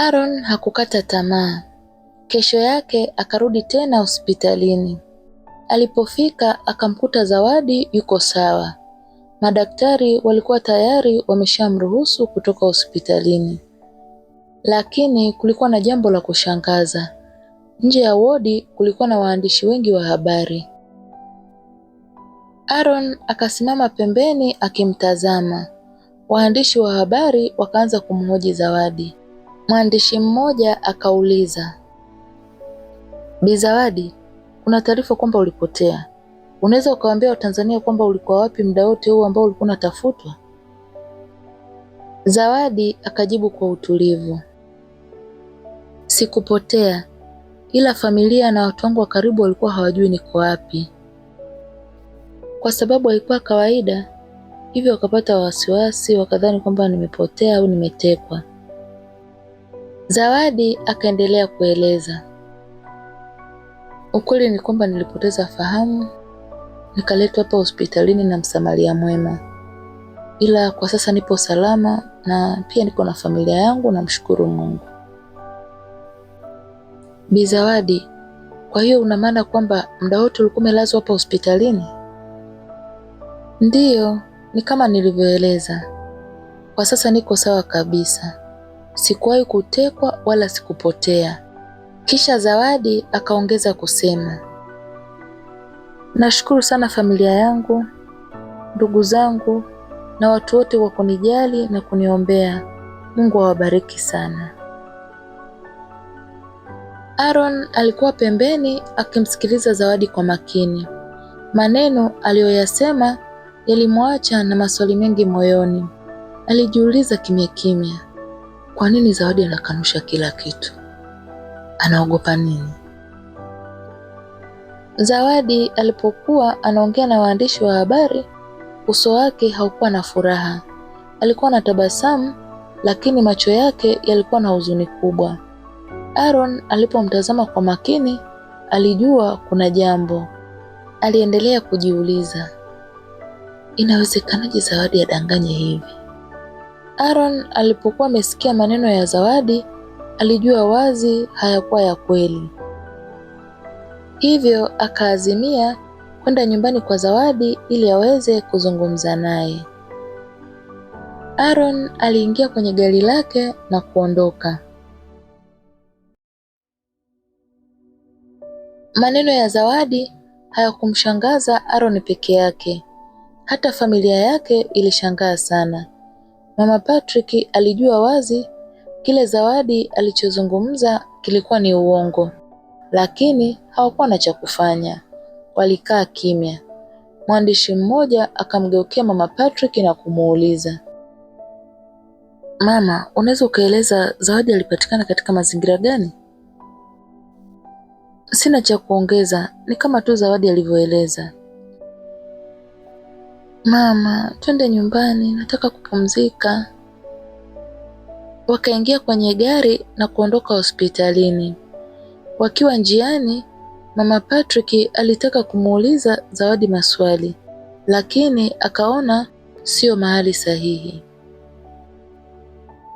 Aaron hakukata tamaa. Kesho yake akarudi tena hospitalini. Alipofika akamkuta Zawadi yuko sawa. Madaktari walikuwa tayari wameshamruhusu kutoka hospitalini, lakini kulikuwa na jambo la kushangaza. Nje ya wodi kulikuwa na waandishi wengi wa habari. Aaron akasimama pembeni akimtazama. Waandishi wa habari wakaanza kumhoji Zawadi. Mwandishi mmoja akauliza, Bi Zawadi, kuna taarifa kwamba ulipotea. Unaweza ukawaambia Watanzania kwamba ulikuwa wapi muda wote huu ambao ulikuwa unatafutwa? Zawadi akajibu kwa utulivu, sikupotea, ila familia na watu wangu wa karibu walikuwa hawajui niko wapi. Kwa sababu haikuwa kawaida, hivyo wakapata wasiwasi, wakadhani kwamba nimepotea au nimetekwa. Zawadi akaendelea kueleza, ukweli ni kwamba nilipoteza fahamu, nikaletwa hapa hospitalini na msamaria mwema, ila kwa sasa nipo salama na pia niko na familia yangu, namshukuru Mungu. Bi Zawadi, kwa hiyo una maana kwamba muda wote ulikuwa umelazwa hapa hospitalini? Ndiyo, ni kama nilivyoeleza. Kwa sasa niko sawa kabisa sikuwahi kutekwa wala sikupotea. Kisha Zawadi akaongeza kusema, nashukuru sana familia yangu, ndugu zangu na watu wote wa kunijali na kuniombea. Mungu awabariki sana. Aaron alikuwa pembeni akimsikiliza Zawadi kwa makini. Maneno aliyoyasema yalimwacha na maswali mengi moyoni. Alijiuliza kimya kimya, kwa nini Zawadi anakanusha kila kitu? Anaogopa nini? Zawadi alipokuwa anaongea na waandishi wa habari, uso wake haukuwa na furaha. Alikuwa na tabasamu, lakini macho yake yalikuwa na huzuni kubwa. Aaron alipomtazama kwa makini, alijua kuna jambo. Aliendelea kujiuliza, inawezekanaje Zawadi adanganye hivi? Aaron alipokuwa amesikia maneno ya Zawadi, alijua wazi hayakuwa ya kweli, hivyo akaazimia kwenda nyumbani kwa Zawadi ili aweze kuzungumza naye. Aaron aliingia kwenye gari lake na kuondoka. Maneno ya Zawadi hayakumshangaza Aaron peke yake, hata familia yake ilishangaa sana. Mama Patrick alijua wazi kile Zawadi alichozungumza kilikuwa ni uongo, lakini hawakuwa na cha kufanya. Walikaa kimya. Mwandishi mmoja akamgeukia Mama Patrick na kumuuliza, "Mama, unaweza ukaeleza Zawadi alipatikana katika mazingira gani?" Sina cha kuongeza, ni kama tu Zawadi alivyoeleza. Mama, twende nyumbani, nataka kupumzika. Wakaingia kwenye gari na kuondoka hospitalini. Wakiwa njiani, mama Patrick alitaka kumuuliza Zawadi maswali, lakini akaona sio mahali sahihi.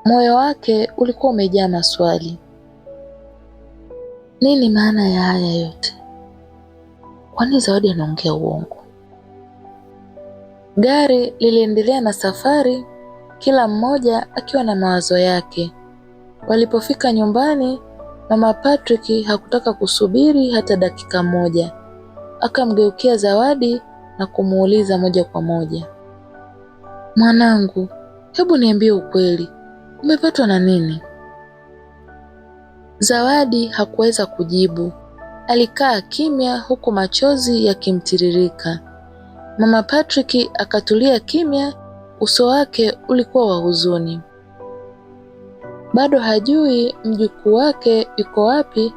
Moyo wake ulikuwa umejaa maswali. Nini maana ya haya yote? Kwani Zawadi anaongea uongo? Gari liliendelea na safari, kila mmoja akiwa na mawazo yake. Walipofika nyumbani, mama Patrick hakutaka kusubiri hata dakika moja, akamgeukia Zawadi na kumuuliza moja kwa moja, mwanangu, hebu niambie ukweli, umepatwa na nini? Zawadi hakuweza kujibu, alikaa kimya, huku machozi yakimtiririka. Mama Patrick akatulia kimya, uso wake ulikuwa wa huzuni. Bado hajui mjukuu wake yuko wapi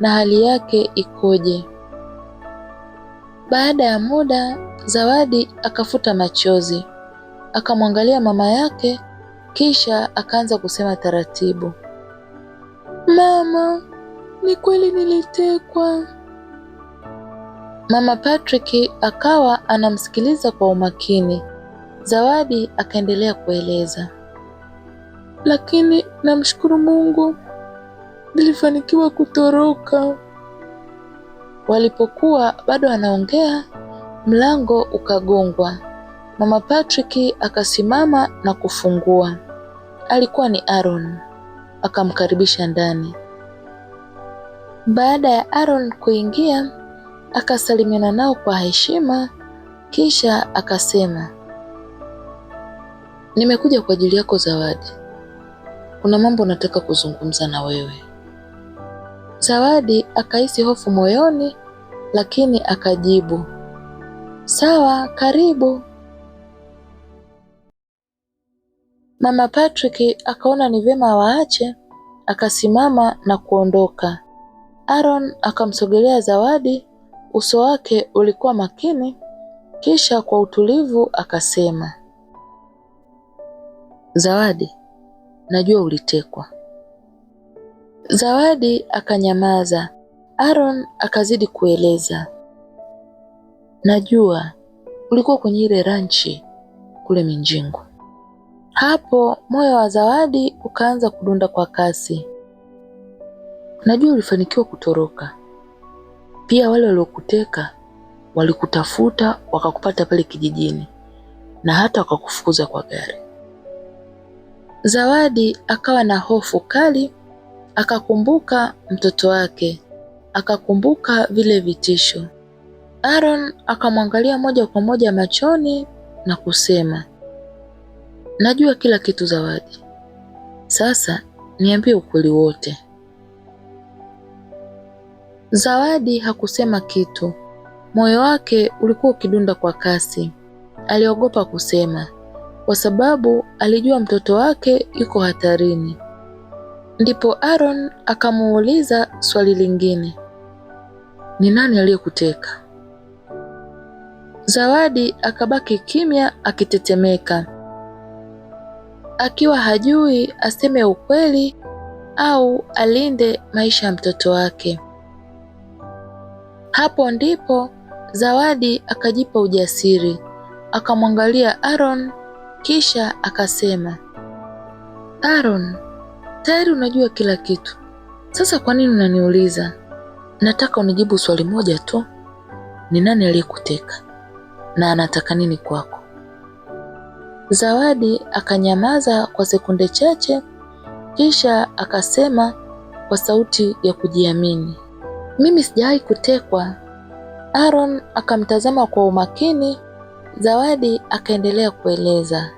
na hali yake ikoje. Baada ya muda, Zawadi akafuta machozi, akamwangalia mama yake, kisha akaanza kusema taratibu, "Mama, ni kweli nilitekwa." Mama Patrick akawa anamsikiliza kwa umakini. Zawadi akaendelea kueleza, lakini namshukuru Mungu nilifanikiwa kutoroka. Walipokuwa bado anaongea, mlango ukagongwa. Mama Patrick akasimama na kufungua. Alikuwa ni Aaron, akamkaribisha ndani. Baada ya Aaron kuingia akasalimiana nao kwa heshima, kisha akasema, nimekuja kwa ajili yako Zawadi, kuna mambo nataka kuzungumza na wewe. Zawadi akahisi hofu moyoni, lakini akajibu, sawa, karibu. Mama Patrick akaona ni vyema waache, akasimama na kuondoka. Aaron akamsogelea Zawadi Uso wake ulikuwa makini, kisha kwa utulivu akasema, Zawadi, najua ulitekwa. Zawadi akanyamaza. Aaron akazidi kueleza, najua ulikuwa kwenye ile ranchi kule Minjingu. Hapo moyo wa Zawadi ukaanza kudunda kwa kasi. Najua ulifanikiwa kutoroka, pia wale waliokuteka walikutafuta wakakupata pale kijijini na hata wakakufukuza kwa gari. Zawadi akawa na hofu kali, akakumbuka mtoto wake, akakumbuka vile vitisho. Aaron akamwangalia moja kwa moja machoni na kusema, najua kila kitu Zawadi, sasa niambie ukweli wote. Zawadi hakusema kitu. Moyo wake ulikuwa ukidunda kwa kasi. Aliogopa kusema kwa sababu alijua mtoto wake yuko hatarini. Ndipo Aaron akamuuliza swali lingine, ni nani aliyekuteka? Zawadi akabaki kimya, akitetemeka, akiwa hajui aseme ukweli au alinde maisha ya mtoto wake. Hapo ndipo Zawadi akajipa ujasiri, akamwangalia Aaron kisha akasema, Aaron, tayari unajua kila kitu, sasa kwa nini unaniuliza? Nataka unijibu swali moja tu, ni nani aliyekuteka na anataka nini kwako? Zawadi akanyamaza kwa sekunde chache, kisha akasema kwa sauti ya kujiamini, mimi sijawahi kutekwa. Aaron akamtazama kwa umakini. Zawadi akaendelea kueleza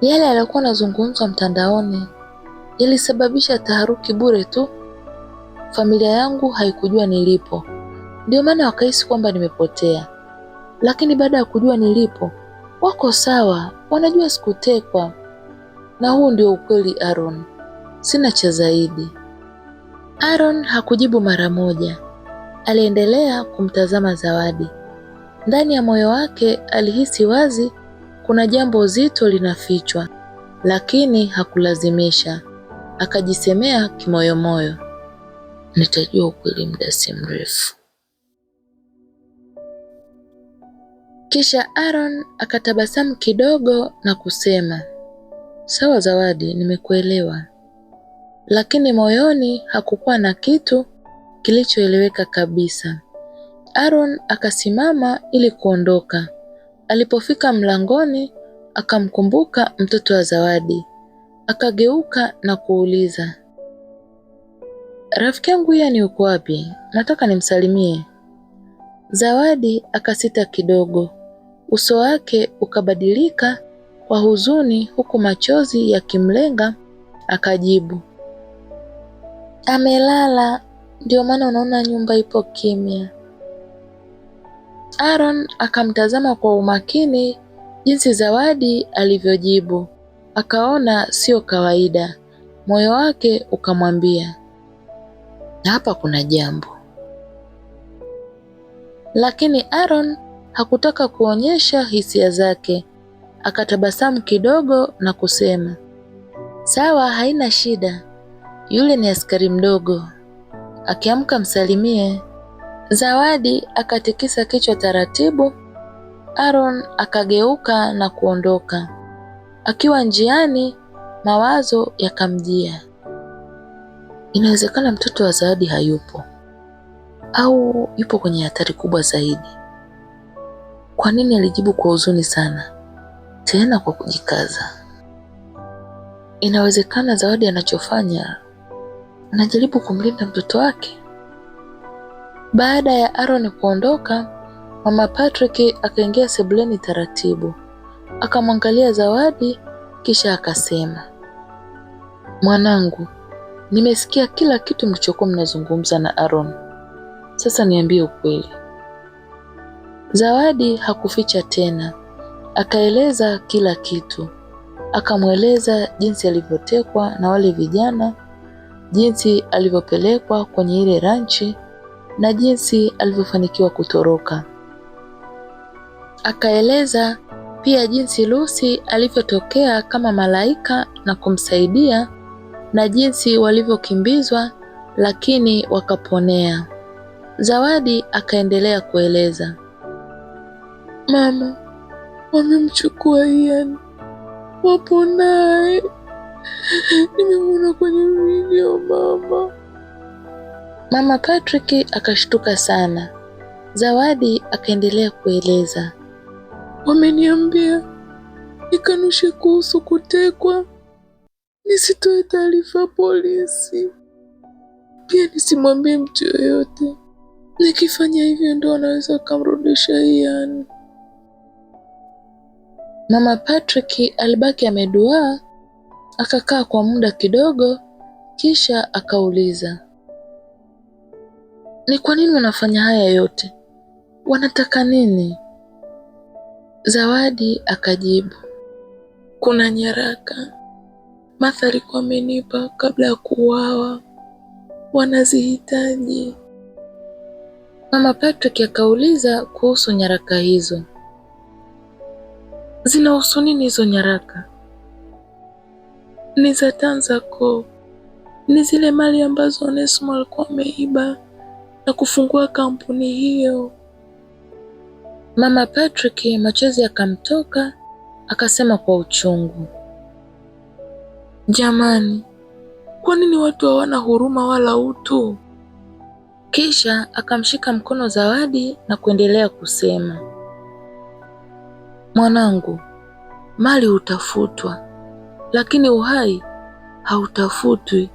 yale yaliyokuwa anazungumzwa mtandaoni yalisababisha taharuki bure tu. Familia yangu haikujua nilipo, ndio maana wakahisi kwamba nimepotea, lakini baada ya kujua nilipo, wako sawa, wanajua sikutekwa. Na huu ndio ukweli, Aaron. Sina cha zaidi. Aaron hakujibu mara moja. Aliendelea kumtazama Zawadi. Ndani ya moyo wake alihisi wazi kuna jambo zito linafichwa, lakini hakulazimisha. Akajisemea kimoyomoyo, nitajua ukweli muda si mrefu. Kisha Aaron akatabasamu kidogo na kusema, sawa Zawadi, nimekuelewa lakini moyoni hakukuwa na kitu kilichoeleweka kabisa. Aaron akasimama ili kuondoka. Alipofika mlangoni, akamkumbuka mtoto wa Zawadi, akageuka na kuuliza, rafiki yangu ni uko wapi? Nataka nimsalimie. Zawadi akasita kidogo, uso wake ukabadilika kwa huzuni, huku machozi yakimlenga. Akajibu, amelala, ndio maana unaona nyumba ipo kimya. Aaron akamtazama kwa umakini jinsi Zawadi alivyojibu, akaona sio kawaida. Moyo wake ukamwambia hapa kuna jambo, lakini Aaron hakutaka kuonyesha hisia zake. Akatabasamu kidogo na kusema sawa, haina shida. Yule ni askari mdogo, akiamka msalimie. Zawadi akatikisa kichwa taratibu. Aaron akageuka na kuondoka. Akiwa njiani, mawazo yakamjia, inawezekana mtoto wa Zawadi hayupo au yupo kwenye hatari kubwa zaidi. Kwa nini alijibu kwa huzuni sana, tena kwa kujikaza? Inawezekana Zawadi anachofanya anajaribu kumlinda mtoto wake. Baada ya Aaron kuondoka, mama Patrick akaingia sebuleni taratibu, akamwangalia Zawadi kisha akasema, mwanangu, nimesikia kila kitu mlichokuwa mnazungumza na Aaron. Sasa niambie ukweli. Zawadi hakuficha tena, akaeleza kila kitu. Akamweleza jinsi alivyotekwa na wale vijana jinsi alivyopelekwa kwenye ile ranchi na jinsi alivyofanikiwa kutoroka. Akaeleza pia jinsi Lucy alivyotokea kama malaika na kumsaidia na jinsi walivyokimbizwa lakini wakaponea. Zawadi akaendelea kueleza, mama wamemchukua Ian, waponae nimemwona kwenye video mama. Mama Patrick akashtuka sana. Zawadi akaendelea kueleza, wameniambia nikanushe kuhusu kutekwa, nisitoe taarifa polisi, pia nisimwambie mtu yoyote. Nikifanya hivyo ndo anaweza akamrudisha yani. Mama Patrick alibaki ameduaa Akakaa kwa muda kidogo kisha akauliza, ni kwa nini wanafanya haya yote? Wanataka nini? Zawadi akajibu, kuna nyaraka Martha alikuwa amenipa kabla ya kuuawa, wanazihitaji. Mama Patrick akauliza kuhusu nyaraka hizo, zinahusu nini hizo nyaraka? ni za tanzako ni zile mali ambazo Onesmo alikuwa ameiba na kufungua kampuni hiyo. Mama Patrick machozi akamtoka, akasema kwa uchungu, jamani, kwa nini watu hawana huruma wala utu? Kisha akamshika mkono Zawadi na kuendelea kusema, mwanangu, mali hutafutwa lakini uhai hautafutwi.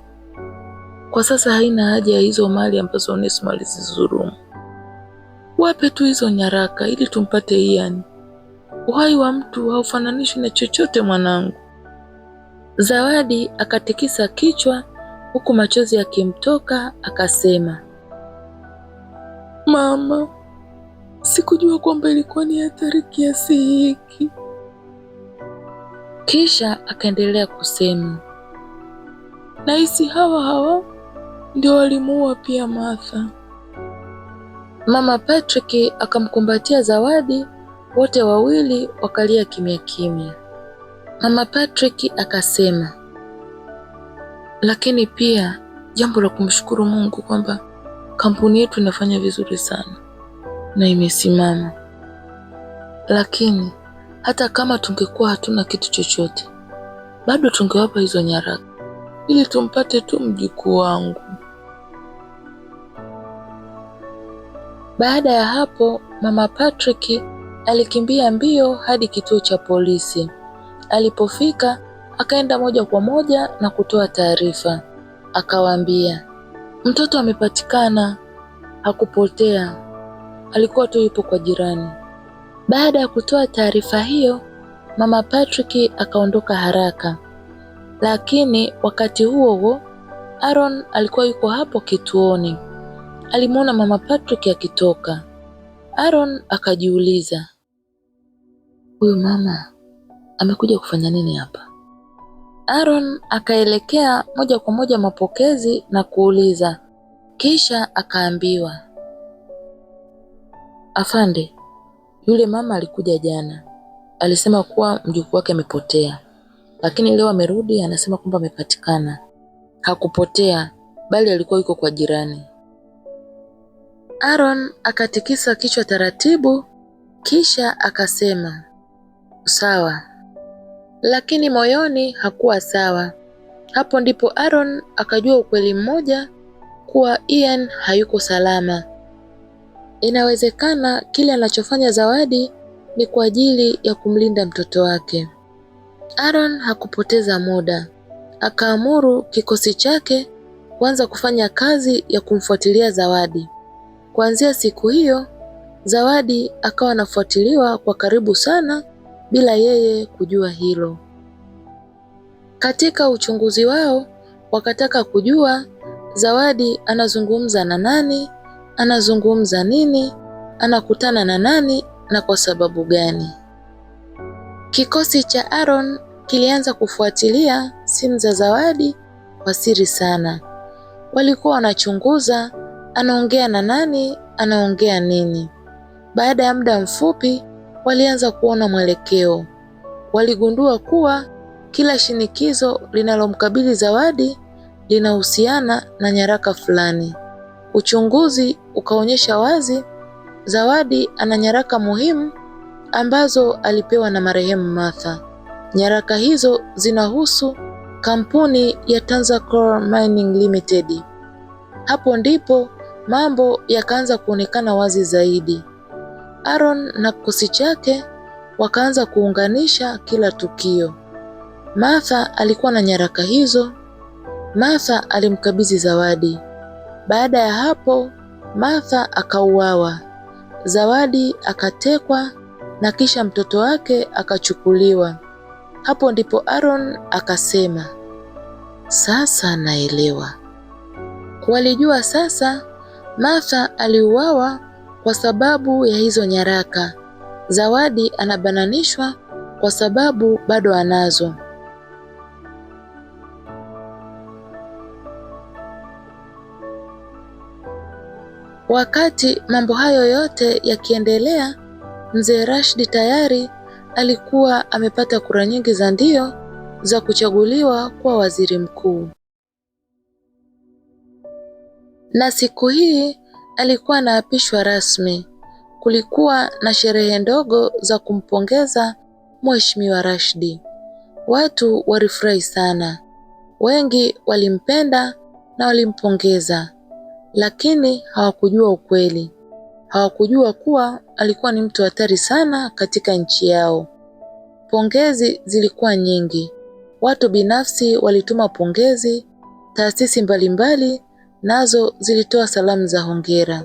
Kwa sasa haina haja ya hizo mali ambazo Onesimo alizizurumu Wape tu hizo nyaraka ili tumpate Ian. Uhai wa mtu haufananishwi na chochote, mwanangu. Zawadi akatikisa kichwa huku machozi yakimtoka, akasema, Mama, sikujua kwamba ilikuwa ni hatari kiasi hiki. Kisha akaendelea kusema, nahisi hawa hawa ndio walimuua pia Martha. Mama Patrick akamkumbatia Zawadi, wote wawili wakalia kimya kimya. Mama Patrick akasema, lakini pia jambo la kumshukuru Mungu kwamba kampuni yetu inafanya vizuri sana na imesimama, lakini hata kama tungekuwa hatuna kitu chochote, bado tungewapa hizo nyaraka ili tumpate tu mjukuu wangu. Baada ya hapo, mama Patrick alikimbia mbio hadi kituo cha polisi. Alipofika akaenda moja kwa moja na kutoa taarifa, akawaambia mtoto amepatikana, hakupotea, alikuwa tu yupo kwa jirani. Baada ya kutoa taarifa hiyo, mama Patrick akaondoka haraka, lakini wakati huo huo Aaron alikuwa yuko hapo kituoni. Alimwona mama Patrick akitoka. Aaron akajiuliza, huyu mama amekuja kufanya nini hapa? Aaron akaelekea moja kwa moja mapokezi na kuuliza, kisha akaambiwa, afande, yule mama alikuja jana, alisema kuwa mjukuu wake amepotea, lakini leo amerudi, anasema kwamba amepatikana. Hakupotea bali alikuwa yuko kwa jirani. Aaron akatikisa kichwa taratibu, kisha akasema sawa, lakini moyoni hakuwa sawa. Hapo ndipo Aaron akajua ukweli mmoja, kuwa Ian hayuko salama. Inawezekana kile anachofanya Zawadi ni kwa ajili ya kumlinda mtoto wake. Aaron hakupoteza muda, akaamuru kikosi chake kuanza kufanya kazi ya kumfuatilia Zawadi. Kuanzia siku hiyo, Zawadi akawa anafuatiliwa kwa karibu sana bila yeye kujua hilo. Katika uchunguzi wao wakataka kujua Zawadi anazungumza na nani anazungumza nini, anakutana na nani na kwa sababu gani. Kikosi cha Aaron kilianza kufuatilia simu za Zawadi kwa siri sana. Walikuwa wanachunguza anaongea na nani, anaongea nini. Baada ya muda mfupi, walianza kuona mwelekeo. Waligundua kuwa kila shinikizo linalomkabili Zawadi linahusiana na nyaraka fulani. Uchunguzi ukaonyesha wazi Zawadi ana nyaraka muhimu ambazo alipewa na marehemu Martha. Nyaraka hizo zinahusu kampuni ya Tanzania Mining Limited. Hapo ndipo mambo yakaanza kuonekana wazi zaidi. Aaron na kikosi chake wakaanza kuunganisha kila tukio. Martha alikuwa na nyaraka hizo. Martha alimkabidhi Zawadi. Baada ya hapo, Martha akauawa, Zawadi akatekwa na kisha mtoto wake akachukuliwa. Hapo ndipo Aaron akasema, sasa naelewa. Walijua sasa Martha aliuawa kwa sababu ya hizo nyaraka. Zawadi anabananishwa kwa sababu bado anazo. Wakati mambo hayo yote yakiendelea, mzee Rashid tayari alikuwa amepata kura nyingi za ndio za kuchaguliwa kuwa waziri mkuu, na siku hii alikuwa anaapishwa rasmi. Kulikuwa na sherehe ndogo za kumpongeza Mheshimiwa Rashid. Watu walifurahi sana, wengi walimpenda na walimpongeza lakini hawakujua ukweli. Hawakujua kuwa alikuwa ni mtu hatari sana katika nchi yao. Pongezi zilikuwa nyingi. Watu binafsi walituma pongezi, taasisi mbalimbali nazo zilitoa salamu za hongera.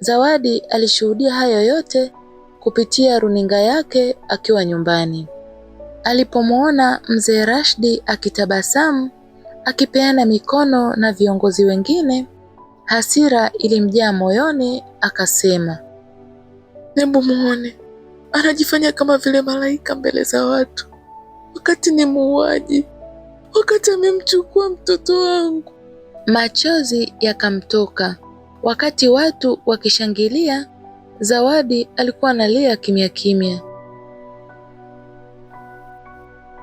Zawadi alishuhudia hayo yote kupitia runinga yake akiwa nyumbani. Alipomwona mzee rashdi akitabasamu, akipeana mikono na viongozi wengine, Hasira ilimjaa moyoni, akasema, nembo muone anajifanya kama vile malaika mbele za watu, wakati ni muuaji, wakati amemchukua mtoto wangu. Machozi yakamtoka wakati watu wakishangilia. Zawadi alikuwa analia kimya kimya.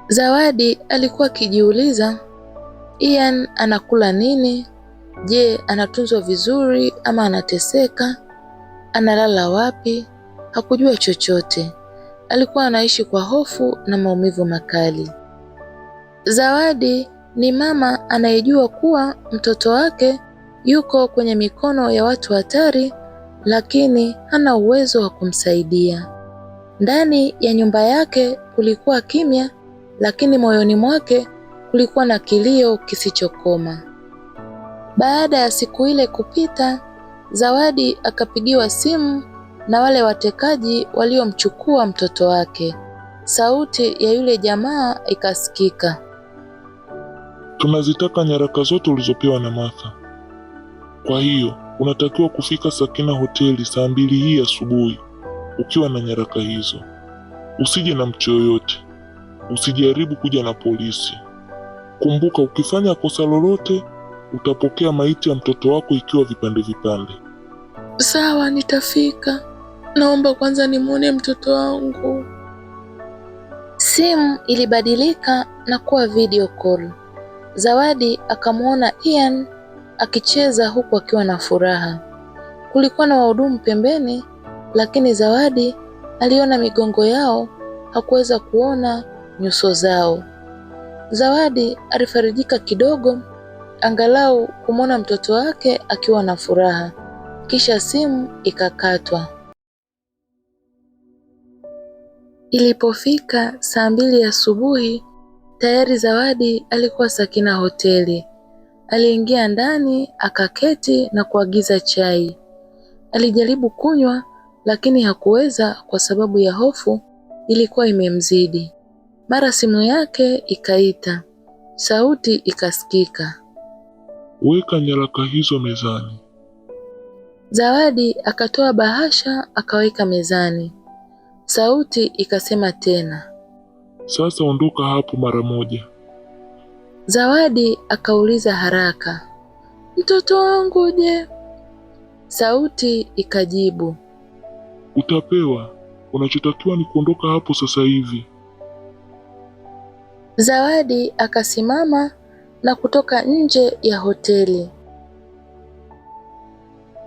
Zawadi alikuwa akijiuliza Ian anakula nini Je, anatunzwa vizuri ama anateseka? Analala wapi? Hakujua chochote. Alikuwa anaishi kwa hofu na maumivu makali. Zawadi ni mama anayejua kuwa mtoto wake yuko kwenye mikono ya watu hatari, lakini hana uwezo wa kumsaidia. Ndani ya nyumba yake kulikuwa kimya, lakini moyoni mwake kulikuwa na kilio kisichokoma. Baada ya siku ile kupita, Zawadi akapigiwa simu na wale watekaji waliomchukua mtoto wake. Sauti ya yule jamaa ikasikika, tunazitaka nyaraka zote ulizopewa na Martha. Kwa hiyo unatakiwa kufika Sakina hoteli saa mbili hii asubuhi ukiwa na nyaraka hizo. Usije na mtu yoyote, usijaribu kuja na polisi. Kumbuka, ukifanya kosa lolote Utapokea maiti ya mtoto wako ikiwa vipande vipande. Sawa, nitafika. Naomba kwanza nimwone mtoto wangu. Simu ilibadilika na kuwa video call. Zawadi akamwona Ian akicheza huku akiwa na furaha. Kulikuwa na wahudumu pembeni, lakini Zawadi aliona migongo yao, hakuweza kuona nyuso zao. Zawadi alifarijika kidogo angalau kumwona mtoto wake akiwa na furaha. Kisha simu ikakatwa. Ilipofika saa mbili asubuhi, tayari Zawadi alikuwa Sakina hoteli. Aliingia ndani akaketi na kuagiza chai. Alijaribu kunywa lakini hakuweza kwa sababu ya hofu ilikuwa imemzidi. Mara simu yake ikaita, sauti ikasikika. Weka nyaraka hizo mezani. Zawadi akatoa bahasha akaweka mezani. Sauti ikasema tena, sasa ondoka hapo mara moja. Zawadi akauliza haraka, mtoto wangu je? Sauti ikajibu, utapewa. Unachotakiwa ni kuondoka hapo sasa hivi. Zawadi akasimama na kutoka nje ya hoteli.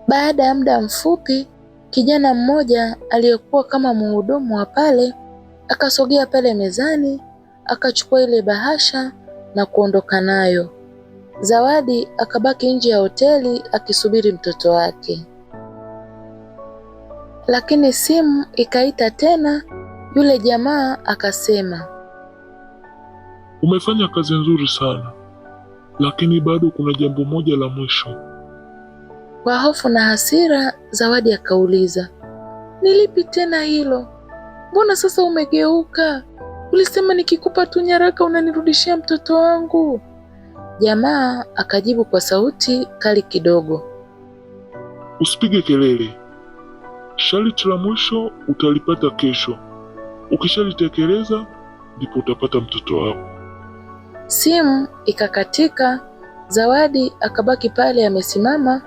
Baada ya muda mfupi, kijana mmoja aliyekuwa kama mhudumu wa pale akasogea pale mezani, akachukua ile bahasha na kuondoka nayo. Zawadi akabaki nje ya hoteli akisubiri mtoto wake, lakini simu ikaita tena. Yule jamaa akasema, umefanya kazi nzuri sana, lakini bado kuna jambo moja la mwisho. Kwa hofu na hasira, Zawadi akauliza, ni lipi tena hilo? Mbona sasa umegeuka? Ulisema nikikupa tu nyaraka unanirudishia mtoto wangu. Jamaa akajibu kwa sauti kali kidogo, usipige kelele, sharti la mwisho utalipata kesho. Ukishalitekeleza ndipo utapata mtoto wako. Simu ikakatika, Zawadi akabaki pale amesimama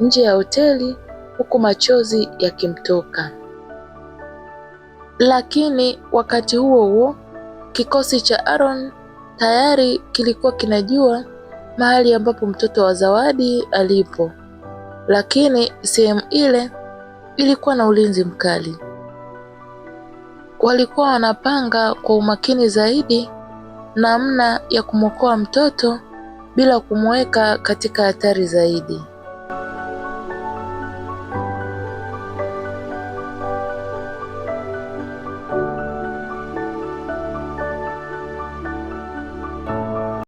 nje ya hoteli huku machozi yakimtoka. Lakini wakati huo huo, kikosi cha Aaron tayari kilikuwa kinajua mahali ambapo mtoto wa Zawadi alipo. Lakini sehemu ile ilikuwa na ulinzi mkali. Walikuwa wanapanga kwa umakini zaidi namna ya kumwokoa mtoto bila kumweka katika hatari zaidi.